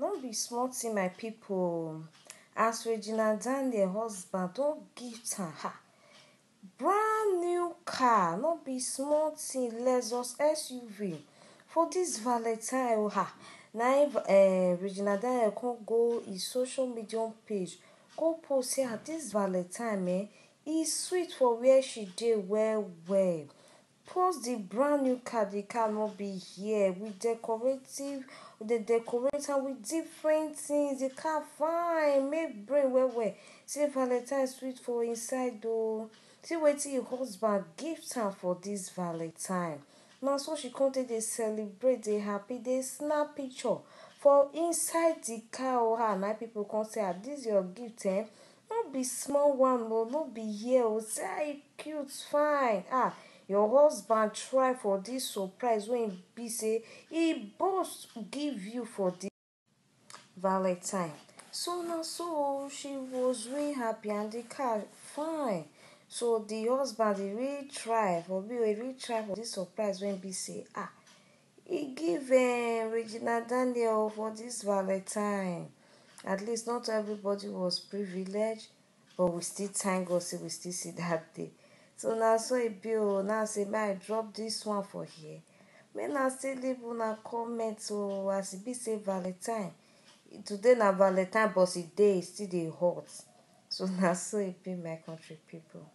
No be small thing my people. As Regina Daniel husband don gift her ha, brand new car, no be small thing, Lexus SUV. For this valentine ha. um na im um eh, Regina Daniel come go his social media page go post sey this ah, valentine um e sweet for where she dey well well. Plus the brand new car, the car not be here. We decorative, the decorator with different things. The car fine, make brain well well. See Valentine sweet for inside though. See wetin your husband gift her for this valentine Now so she come take celebrate dey happy dey snap picture for inside the car or oh, her na people come say ah dis your gift eh Not be small one but oh. not be here oh. Say ah, cute fine ah your husband try for this surprise when he say he boss give you for this valentine so now, so she was really happy and the car fine so the husband dey really try for me, dey really try for this surprise when he say ah he give um, regina daniel for this valentine at least not everybody was privileged but we still thank god we still see that day so na so e be o now say make i drop this one for here make na still leave una comment o as e be say valentine today na valentine but e dey e still dey hot so na so e be my country people.